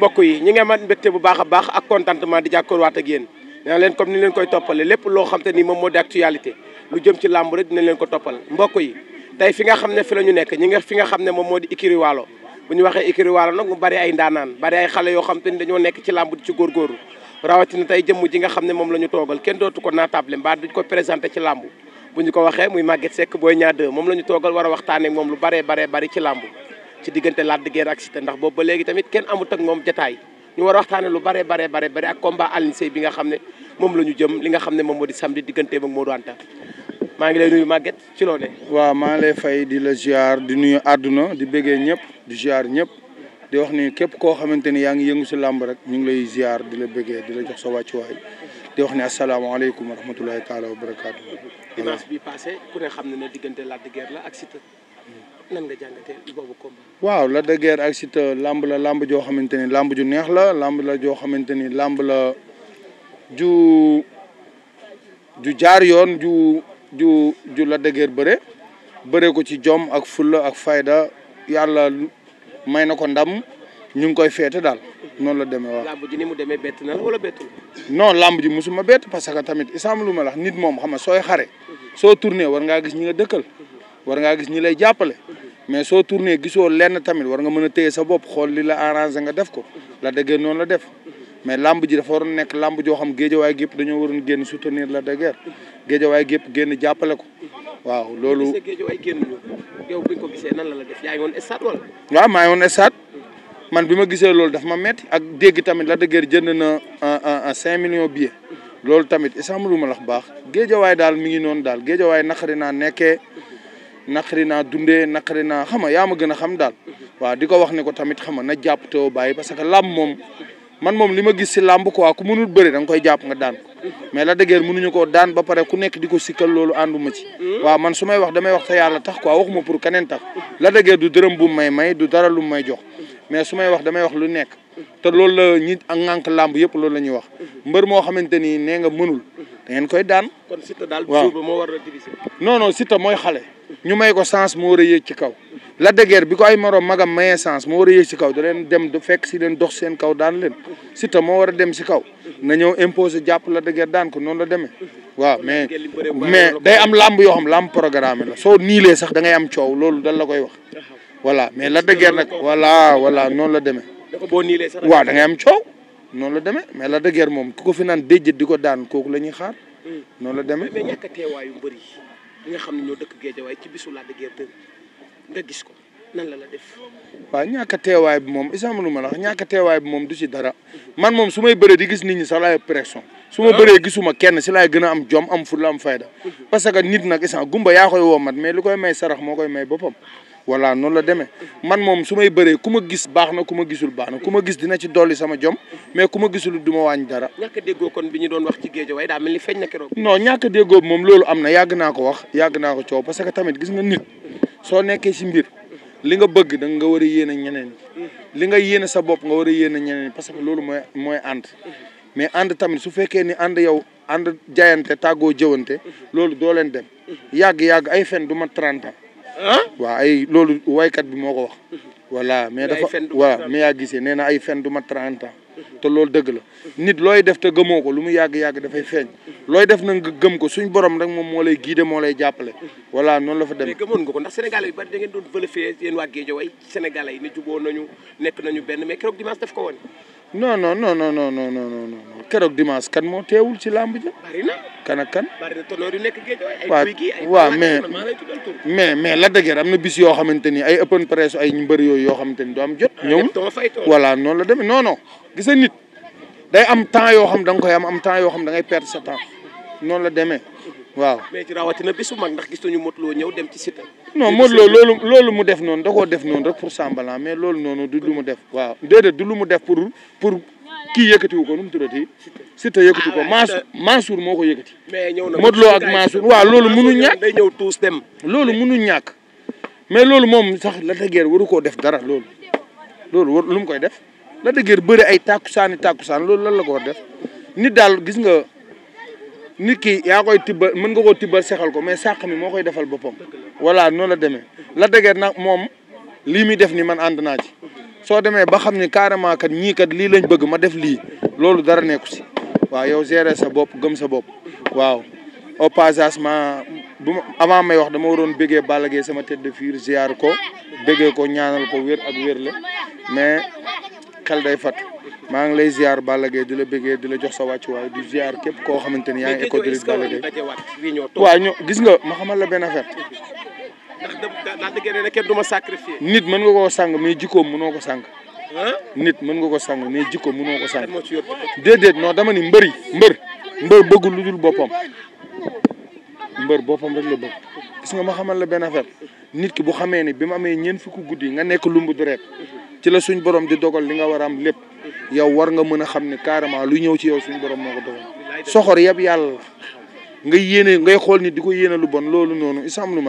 mbokk yi ñi ngi amaat mbégte bu baax a baax ak contentement di jàkkoorwaat ak yéen nee leen comme ni leen koy toppale lépp loo xam te ni moom moo di actualité lu jëm ci làmb rek dinañ leen ko toppal mbokk yi tey fi xam ne fi la ñu nekk ñi nga fi nga xam ne moom moo di Ikiri Waalo ñu waxee Ikiri Waalo nag mu bari ay ndaanaan bari xale yoo xam te ni dañoo nekk ci làmb di ci góorgóorlu rawatina tey jëm ji nga xam ne moom la ñu toogal kenn dootu ko naatable mbaa duñ ko présenté ci làmb bu ñu ko waxee muy Maguette Seck Boy Niang 2 la ñu toogal war a waxtaanee lu baree baree bari ci làmb ci digënté Lac de Guiers ak Siteu ndax bobu légui tamit kèn amut ak mom jotaay ñu war a lu bare bare bare bare ak combat Alioune Seye bi nga xamné mom lañu jëm li nga xamné mom modi samedi digënté ak Modou Anta ma ngi lay nuyu magget ci lolé wa ma lay fay di la ziar di nuyu aduna di bëggee ñëpp di ziar ñëpp di wax ni képp ko xamante ni yaa yëngu ci lamb rek ñu ngi lay ziar di la bëggee di la jox sa waccu way di wax ni assalamu alaykum wa rahmatullahi taala wa barakatuh dimanche bi passé ku ne xamné ne digënté diggante Lac de Guiers la ak Siteu nan nga jàngatee boobu combat. waaw la de Guiers ak Siteu làmb la làmb joo xamante ni làmb ju neex la làmb la joo xamante ni làmb la ju ju jaar yoon ju ju ju Lac de Guiers bëre ko ci jom ak fulla ak fayda yàlla may na ko ndam ñu ngi koy feete daal noonu la demee waaw. làmb ji ni mu demee bett wala bettul. non ji musuma bett parce que tamit isam lu ma la nit moom xam nga sooy xare. soo tourné war ngaa gis ñi nga dëkkal. war ngaa gis ñi lay jàppale. mais soo tourné gisoo lenn tamit war nga mën a téye sa bopp xool li la arrangé nga def ko la dëgër noonu la def mais làmb ji dafa waroon nekk làmb joo xam géejawaay gi yëpp dañoo waroon génn soutenir la dëgër géejawaay gi yëpp génn jàppale ko waaw loolu. génn yow bi ko nan la la def yaa ngi woon stade wala. waaw maa ngi man bi ma gisee loolu daf ma metti ak dégg tamit la dëgër jënd na un cinq millions billets loolu tamit isam lu ma lax baax géejawaay daal mi ngi noonu daal géejawaay naqari naa nekkee. naqari naa dundee naqari naa xama yaa ma gën xam dal wa diko wax ne ko tamit xama na japp to baye parce que lamb mom man mom lima gis ci lamb quoi ku mënul bëri dang koy japp nga daan mais la dëggeer mënuñu ko daan ba paré ku nekk diko sikkel lolu anduma ci wa man sumay wax damay wax ta yalla tax quoi waxuma pour kenen tax la dëggeer du dërëm bu may may du dara lu may jox mais sumay wax damay wax lu nekk te lolu la ñi ak ngank lamb yépp lolu lañuy wax mbeur mo xamanteni ni nga mënul da ngeen koy daan. kon sita Siteu daal mo war la diviser non non sita moy xalé ñu may ko sens moo war a yéeg ci kaw Lac de bi ko ay moroom magam mayee sens moo war a yéeg ci kaw da leen dem fekk si leen dox seen kaw daan leen Siteu moo war a dem si kaw na ñëw imposé jàpp la de Guiers daan ko noonu la demee waaw mais mais day am làmb yoo xam làmb programme la soo niilee sax da am coow loolu dal la koy wax voilà mais Lac de Guiers nag voilà voilà noonu la demee waaw da ngay am coow noonu la demee mais Lac de Guiers moom ku ko fi naan déjjët di ko daan kooku la ñuy xaar hmm. noonu la demee ñi nga xam ne dëkk Géejawaay ci bisu Lac de Guiers 2 nga gis ko nan la la def. waaw ñàkk teewaay bi moom isam lu ma la wax ñàkk teewaay bi moom du si dara man moom su may bëree di gis nit ñi sax laay pression su ma bëree gisuma kenn si laay gën a am jom am fulla am fayda parce que nit nag isam gumba yaa koy woomat mais lu koy may sarax moo koy may boppam. voilà noonu la demee man moom su may bëree ku ma gis baax na ku ma gisul baax na ku ma gis dina ci dolli sama jom mais ku ma gisul du ma wàññi dara. ñàkk a déggoo kon ñu doon wax ci géej waaye daa mel ni feeñ na keroog. non ñàkk a moom loolu am na yàgg naa ko wax yàgg naa ko coow parce que tamit gis nga nit soo nekkee si mbir li nga bëgg da nga war a yéene ñeneen li nga yéene sa bopp nga war a yéene ñeneen parce que loolu mooy mooy ànd mais ànd tamit su fekkee ni ànd yow ànd jaayante tàggoo jëwante loolu doo leen dem yàgg-yàgg ay fen du ma 30 ah waaw ay loolu waykat bi moo ko wax voilà mais dafa waa mais a gisee nee na ay fen du mat te loolu dëgg la nit looy def te gëmoo ko lu mu yàgg-yàgg dafay feeñ looy def na gëm ko suñ borom rek moom moo lay guider moo lay jàppale voilà noonu la fa dem mais nga ko ndax sénégalais yi bari da ngeen doon vëlëfee yéen waa Guédiawaye sénégalais yi ne juboo nañu nekk nañu benn mais keroog dimanche def ko woon non non non non keroog dimanche kan mau teewul ci làmb ja. barina kan ak kan. bari na tonneau yu nekk géej waaw waaw mais mais mais la dëgër am bis yoo ay open press ay mbër yo yo xamante ni du am jot. ñëw voilà noonu la demee non non. gis nit day am temps yo xam da nga koy am am temps yoo xam da ngay perdre sa temps noonu la demee waaw. mais ci bisu mag ndax gis nañu Modou Lo dem ci Siteu. non Modou Lo loolu loolu mu def noonu da koo def noonu rek pour semblant mais loolu noonu du lu mu def. waaw déedéet du lu mu def pour pour. kii yëkkatiwu ko nu mu tuddati. Siteu yëkkati ko ah, Mansour Mansour moo ko yëkkati. mais ñëw na Modou Lo ak Mansour waaw loolu munu ñàkk day ñëw tuus dem. loolu munu ñàkk mais loolu moom sax la dëgër waru koo def dara loolu. loolu war lu mu koy def la dëgër bëri ay tàkku tàkkusaan loolu lan la ko war def nit daal gis nga nit ki yaa koy tibbal mën nga koo tibbal sexal ko mais sàq mi moo koy defal boppam. voilà noonu la demee la dëgër nag moom lii muy def ni man ànd naa ci. soo demee ba xam ni carrément kat ñii kat lii lañ bëgg ma def lii loolu dara nekku si waa yow gérer sa bopp gëm sa bopp waaw au passage ma bu ma avant may wax dama waroon bëggee bala Gaye sama tête de fure ziar ko bëggee ko ñaanal ko wér ak wér la mais xel day fat maa ngi lay ziar Balla Gaye di la bëggee di la jox sa wàccuwaay di ziar képp koo xamante ni yaa ngi école de lutte waa Gaye waaw ñoo gis nga ma xamal la benn affaire ndax ndax dëgg ne kenn du ma sacrifié. nit mën nga koo sàng mais jikkoom mënoo ko sàng. nit mën nga ko sàng mais jikkoom mënoo ko sàng. Kan déedéet non dama ni mbëri mbër mbër bëggul lu dul boppam mbër rek la bëgg gis nga ma xamal la affaire nit ki bu ni guddi nga lumbu du ci la suñ borom di dogal li nga war am lépp yow war nga mën a ne carrément lu ñëw ci yow suñ borom moo dogal soxor yab yàlla nga yéene ngay xool nit di ko lu bon loolu isam lu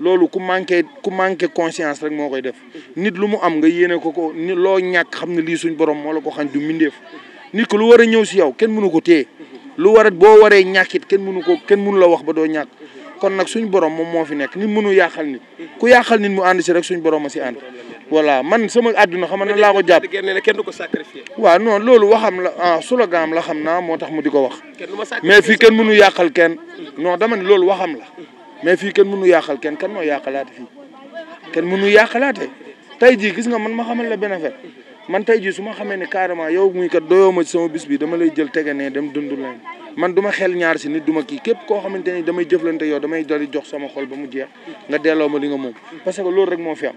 Lolo ku manké ku manké conscience rek mo koy def nit lu mu am nga yéene ko ko lo ñak xamni li suñ borom mo la ko xañ du mindeef nit ko lu wara ñew ci yow kenn mënu ko té lu wara bo ñakit kenn mënu ko kenn mënu la wax ba do ñak kon nak suñ borom mom mo fi nek nit mënu yàqal nit ku nit mu and ci rek suñ borom ma ci and voilà man sama aduna xam na la ko jàpp kenn du ko sacrifier wa non loolu waxam la ah slogan la xamna motax mu di wax mais fi kenn mënu yàqal kenn non dama ni waxam la mais fii kenn mënu yàqal kenn kenn moo yàqalaate kenn mënu yàqalaate tey jii gis nga man ma xamal la benn man tey jii su ma xamee ne carrément yow muy kat doyoo ma ci sama bis bi dama lay jël tege ne dem dund leen man duma xel ñaar si nit duma kii képp koo xamante ni damay jëflante yow damay dali jox sama xol ba mu jeex nga delloo ma li nga moom parce que loolu rek moo fi am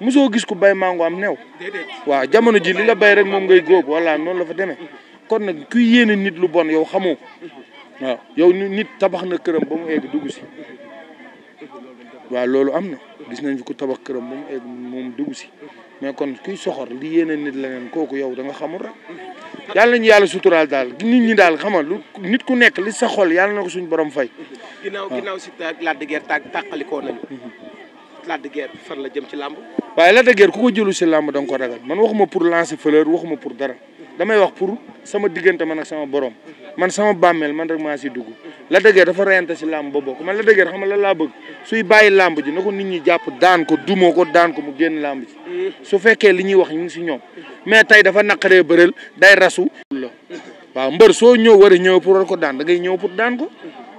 mosoo gis ku bay mango am neew waaw jamono ji li nga bay rek moom ngay góob wala noonu la fa demee kon nag ku yéene nit lu bon yow xamoo waaw yow nit tabax na këram ba mu egg dugg si waaw loolu am na gis nañ fi ku tabax këram ba mu egg moom dugg si mais kon kuy soxor li yéene nit la leneen kooku yow da nga xamul rek yàlla nañu yàlla suturaal daal nit ñi daal xama lu nit ku nekk li sa xol yàlla na ko suñ borom fay. ginnaaw ginnaaw si taag Lac de tàqalikoo nañu. Lac de Guiers fan la jëm ci làmb. waaye Lac de Guiers ku ko jëlu si làmb da nga ko ragal man waxuma pour lancer fleur waxuma pour dara damay wax pour sama diggante man ak sama borom. man sama bammel man rek ma ci dugg la dëgër dafa reyante ci lamb ba bokk man la dëgër xam la la bëgg suy bayyi lamb ji nako nit ñi japp daan ko dumo ko daan ko mu genn lamb ci su fekkee li ñi wax ñu ci ñom mais tay dafa naqaree bëreel day rasu wa mbeur so ñew wara ñew pour ko daan da ngay ñew pour daan ko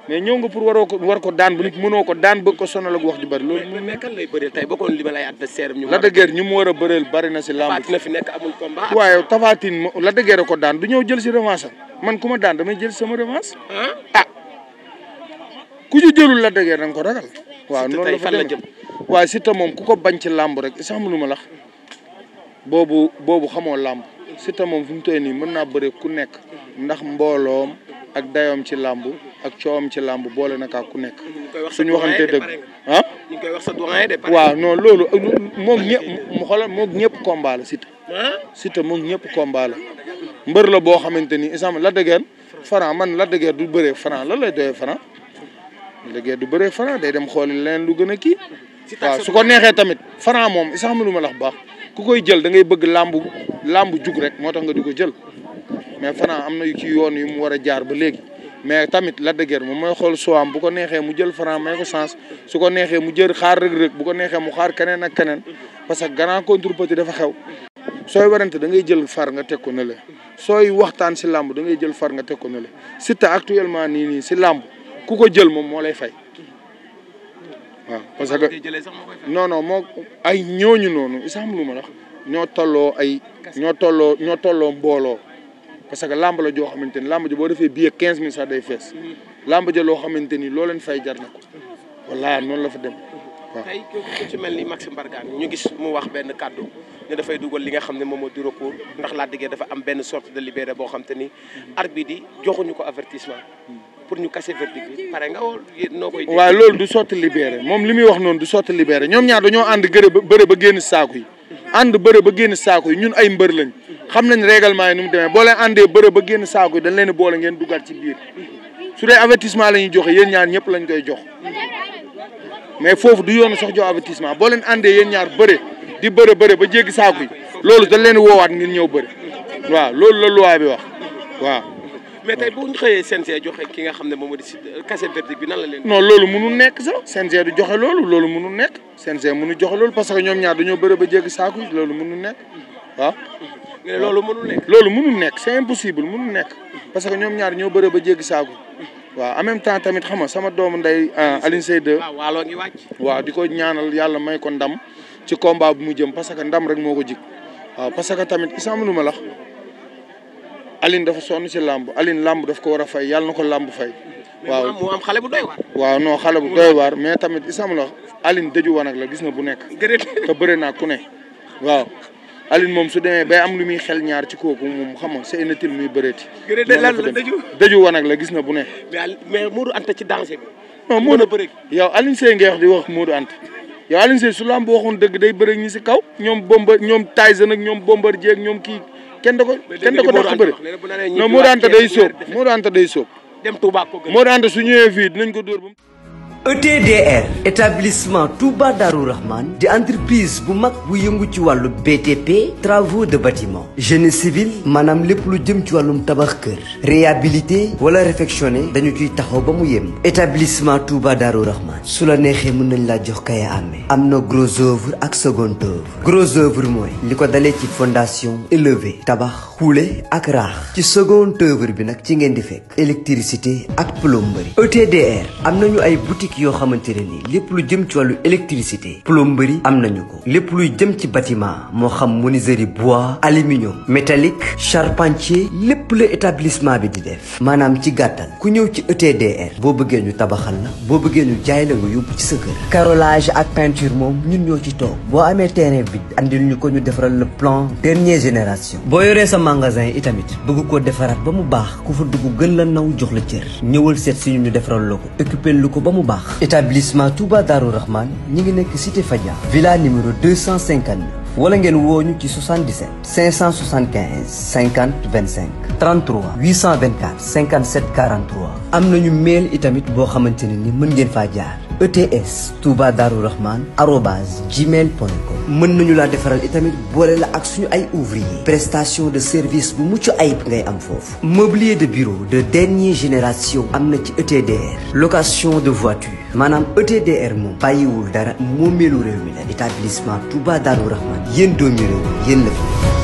mais ñew nga pour waro ko war ko daan bu nit mëno ko daan bëgg ko sonal ak wax ju bari loolu. mais kan lay bëreel tay bokon li ma lay ser ñu. la dëgër ñu mu wara a bëreel bari na ci lamb Tapha na fi nek amul combat. waaye Tapha la dëgër ko daan du ñew jël ci revanche man kuma daan damay jël sama revanche. ah ku ci jëlul la dëgër da ko ragal. wa non la fa wa ci ta mom ku ko bañ ci lamb rek sax lu ma lax bobu bobu xamoo lamb ci ta mom mu toy ni mën naa bëre ku nekk ndax mbolom ak dayom ci lamb ak ciom ci lamb boole na ku nekk. suñu waxante deug ah. ñu koy wax sa doyen de wa non lolu moom ñepp mu xol moom ñepp combat la ci ta moom ñepp combat la mbeur la bo xamanteni ni la Lac Franc man la de du beure Franc la lay doye Franc Lac de du beure Franc day dem xol leneen lu gëna ki kii su ko nexé tamit Franc mom exemple lu ma lax baax ku koy jël da ngay bëgg làmb làmb jug rek motax nga diko jël mais Franc amna yu ci yoon yu mu wara jaar ba léegi mais tamit la de mo moy xol xool soam bu ko nexé mu jël Franc may ko sens su ko nexé mu jël xaar rëg-rëg bu ko nexé mu xaar kenen ak kenen parce que grand contre petit dafa xew soy warante da ngay jël far nga tekko na ne la sooy waxtaan si da ngay jël far nga tekko na ne la Siteu actuellement ni ni ci lamb ku ko jël mom moo lay fay wa parce que non non mo ay ñooñu nonu isam lu ma wax ño tolo ay ño tolo ño tolo mbolo. parce que lamb la jo xamanteni lamb làmb bo defé bi billet quinze mille day fess lamb ja lo xamanteni lo len fay jar na ko walla la fa dem tay ko ci melni maxim Max ñu gis mu wax ben cadeau ne dafay dugal li nga xam ne moom moo di recours ndax Lac de Guiers dafa am benn sorte de libéré boo xam te ni arbitre yi joxuñu ko avertissement pour ñu casser verdict bi pare nga woo noo loolu du sotti libéré moom li muy wax noonu du sotti libéré ñoom ñaar dañoo ànd gërë ba bëre ba génn saaku yi. ànd bëre ba génn saaku yi ñun ay mbër lañ. xam nañ règlement yi nu mu demee boo leen àndee bëre ba génn saaku yi dañ leen boole ngeen dugaat ci biir su dee avertissement la ñuy joxe yéen ñaar ñëpp lañ koy jox mais foofu du yoonu sax jox avertissement boo leen àndee yéen ñaar bëre di bëre bëre ba jéggi saako yi loolu dañ leen woowaat ngir ñëw bëri waaw loolu la loi bi wax waaw. mais tey bu ñu xëyee CNG joxe ki nga xam ne moom moo di si kase euh, verdict bi nan la leen. non loolu munu nekk sa CNG du joxe loolu loolu mënul nekk CNG mënul joxe loolu parce que ñoom ñaar dañoo bëre ba jéggi saako yi loolu mënul nekk waaw. mais loolu mënul nekk. loolu mënul nekk c'est impossible mënul nekk parce que ñoom ñaar ñoo bëre ba jéggi saako waaw en même temps tamit xam nga sama doomu ndey euh, Alioune Seye 2. Ah, ngi wàcc. waaw di ko ñaanal yàlla may ko ndam ci combat bu mu jëm parce que ndam rek moo ko jig waaw parce que tamit isaam lu ma lax Aline dafa sonn ci làmb alin làmb daf ko war a fay yàlla na ko làmb fay. waaw mu am xale bu doy waar. waaw non xale bu doy mais tamit isaam la Aline dëju wanag la gis na bu nekk. te bëre naa ku ne. waaw Aline moom su demee bay am lu muy xel ñaar ci kooku moom xam nga c'est inutile muy bëreeti. gërëm lan la gis na bu ne. mais mais Modou ci danger bi. non Modou yow Aline Anta. yow Alioune Seye su lamb bu waxoon dëgg day bëre ñi si kaw ñoom bomba ñoom Tyson ak ñoom Bombardier ak ñoom kii kenn da ko kenn da ko dàq bëre non moo daanta day sóob moo daanta day sóob dem Touba ko gën moo daanta su ñëwee fii dinañ ko door ba ETDR établissement Touba Darou Rahman di entreprise Boumak mag bu BTP travaux de bâtiment génie civil manam lépp lu Tabakker ci réhabilité wala réfectionné dañu Tuba taxaw établissement Touba Darou Rahman su la neexee mën nañ laa jox gros œuvre ak second œuvre gros œuvre moi, fondation élevé tabak Hule ak raax ci second œuvre bi nag ci di fekk électricité ak plomberie ETDR amno ay boutique boutique yoo xamante ne nii lépp lu jëm ci wàllu électricité plomberie am nañu ko lépp luy jëm ci bâtiment moo xam menuiserie bois aluminium métallique charpentier lépp la établissement bi di def maanaam ci gàttal ku ñëw ci ETDR boo bëggee ñu tabaxal la boo bëggee ñu jaay la yóbbu ci sa kër carrelage ak peinture moom ñun ñoo ci toog boo amee terrain bi andil ñu ko ñu defaral le plan dernière génération boo yoree sa magasin itamit bëgg koo defaraat ba mu baax ku fa dugg gën la naw jox la cër ñëwal seet si ñu defaral baax établissement Touba Darou Rahman ñi ngi nekk cité Fadia villa numéro 259 wala ngeen wooñu ci 77 575 50 25 33 824 57 43 am nañu mail itamit boo xamante ne ni mën ngeen faa jaar ETS Touba Darou Rahman gmail.com mën nañu la defaral itamit boole la ak suñu ay ouvrier prestation de service bu mucc ayib ngay am mobilier de bureau de dernière génération am ci ETDR location de voiture maanaam ETDR moom bàyyiwul dara moomeelu réew mi la établissement Touba Darou Rahman yéen doomi